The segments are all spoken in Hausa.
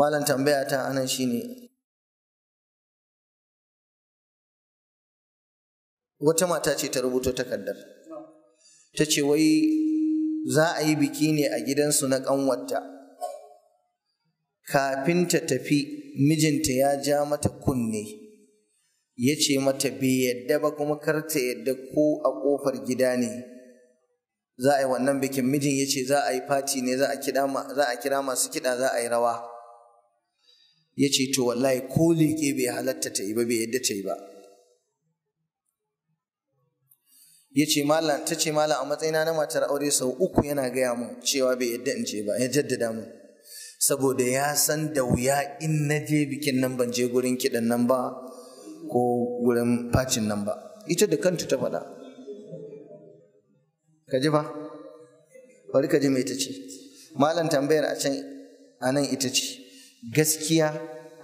malam tambaya ta anan shine wata mata ce ta rubuto takardar ta ce wai za a yi biki ne a gidansu na ƙanwarta kafin ta tafi mijinta ya ja mata kunne ya ce mata bai yadda ba kuma karta ta yadda ko a ƙofar gida ne za a yi wannan bikin mijin ya ce za a yi fati ne za a kira masu kiɗa za a yi rawa ya ce to wallahi ko leƙe bai halatta ta yi ba bai yadda ta yi ba ya ce mala ta ce malam a matsayina na matar aure sau uku yana gaya mun cewa bai yadda in ce ba ya jaddada mun saboda ya san da wuya in na je bikin nan ban je gurin kiɗan nan ba ko gurin facin nan ba ita da kanta ta faɗa ka ji ba bari ka ji mai ta ce malam tambayar a can a nan ita ce gaskiya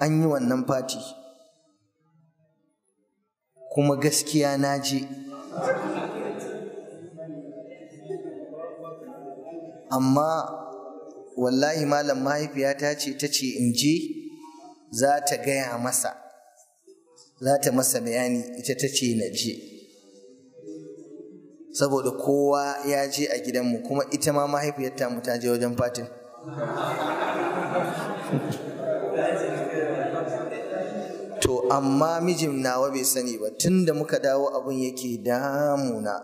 an yi wannan fati kuma gaskiya na je amma wallahi malam mahaifiyata ce ta ce in je za ta gaya masa za ta masa bayani ita ta ce na je saboda kowa ya je a gidanmu kuma ita ma mahaifiyarta mu ta je wajen fatin amma mijin nawa bai sani ba tunda muka dawo abun yake damuna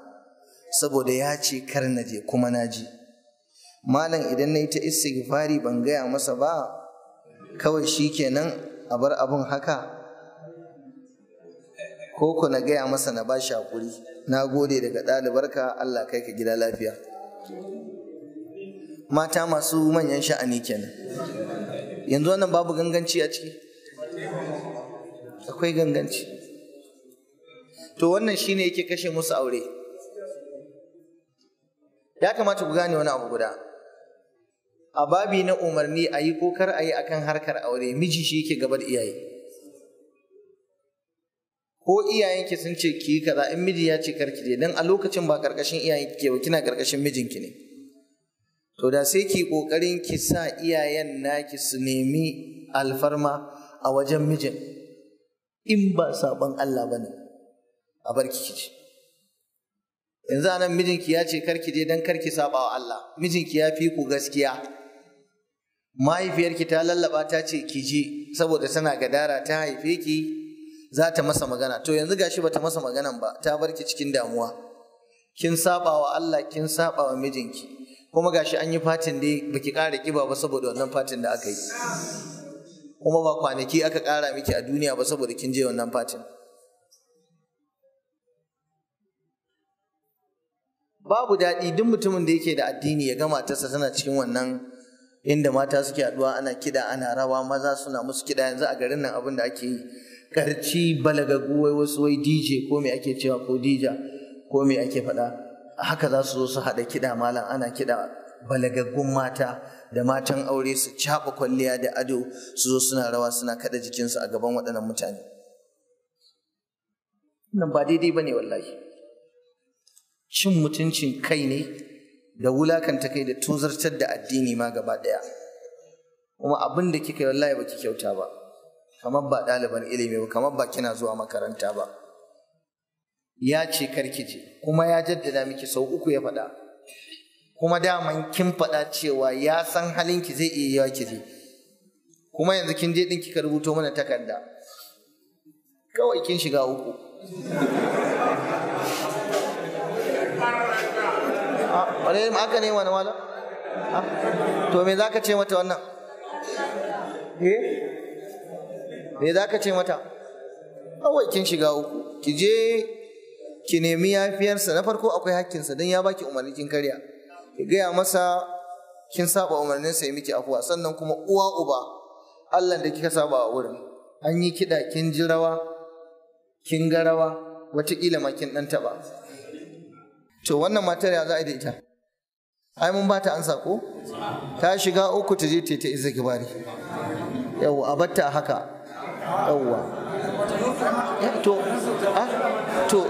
saboda ya ce kar na je kuma na ji malam idan na yi ta istighfari ban gaya masa ba kawai shi kenan a bar abun haka ko ku na gaya masa na ba shi hakuri na gode daga ɗalibarka Allah kai ka gida lafiya mata masu manyan sha'ani kenan yanzu wannan babu ganganci a ciki akwai ganganci to wannan shi shine yake kashe musu aure ya kamata ku gane wani abu guda a babi na umarni a yi ko a yi akan harkar aure miji shi yake gaba da iyaye ko iyayenki sun ce ki kaza in miji ya ce karki je dan a lokacin ba karkashin iyayenki ke ba kina karkashin mijinki ne to da sai ki kokarin ki sa iyayen naki su nemi alfarma a wajen mijin in ba saban Allah ne, a bar ki ci yanzu nan mijinki ya ce karki je dan karki saba wa Allah mijinki ya fi ku gaskiya mahaifiyarki ta lallaba ta ce ki je saboda tana gadara ta haife ki za ta masa magana to yanzu gashi ba ta masa maganan ba ta bar ki cikin damuwa kin saba wa Allah kin saba wa mijinki kuma gashi an yi fatin dai baki ƙara kiba ba saboda wannan fatin da aka yi kuma ba kwanaki aka ƙara miki a duniya ba saboda kin je wannan fatin babu daɗi duk mutumin da yake da addini ya ga matarsa tana cikin wannan inda mata suke haɗuwa ana kiɗa ana rawa maza suna musu kiɗa yanzu a garin nan abin da ake yi karci balagagu wai wasu wai DJ ko me ake cewa ko dija ko me ake faɗa haka za su zo su haɗa kiɗa malam ana kiɗa balagaggun mata da matan aure su caɓa kwalliya da ado su zo suna rawa suna kaɗa jikinsu a gaban waɗannan mutane nan ba daidai ba ne wallahi cin mutuncin kai ne da wulakanta kai da tuzartar da addini ma gaba ɗaya kuma abin da kika yi wallahi ba ki kyauta ba kamar ba ɗaliban ilimi ba kamar ba kina zuwa makaranta ba ya ce karki je kuma ya jaddada miki sau uku ya faɗa kuma daman kin faɗa cewa ya san halinki zai iya yawa ki je kuma yanzu kin je ɗin kika rubuto mana takarda kawai kin shiga uku ƙwararri ma aka ne wani wala ah, to me za ka ce mata wannan eh? me za ka ce mata kawai kin shiga uku ki je ki nemi yafiyarsa na farko akwai hakkinsa don ya baki umarni kin karya ki gaya masa kin saba umarnin sa ya miki afuwa sannan kuma uwa uba Allah da kika saba a wurin an yi kiɗa kin ji rawa kin ga rawa wataƙila ma kin ɗan taɓa to wannan matar ya za a da ita ai mun ba ta ansa ko ta shiga uku ta je ta ta izi gibari yawwa a batta haka yawwa ah, to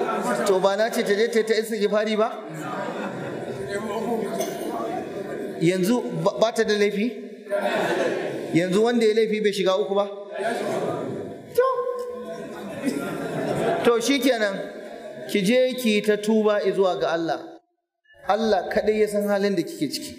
to ba na ce ta je ta ta izi gibari ba yanzu ba ta da laifi yanzu wanda ya laifi bai shiga uku ba to shi kenan ki je ki ta tuba zuwa ga Allah Allah kaɗai ya san halin da kike ciki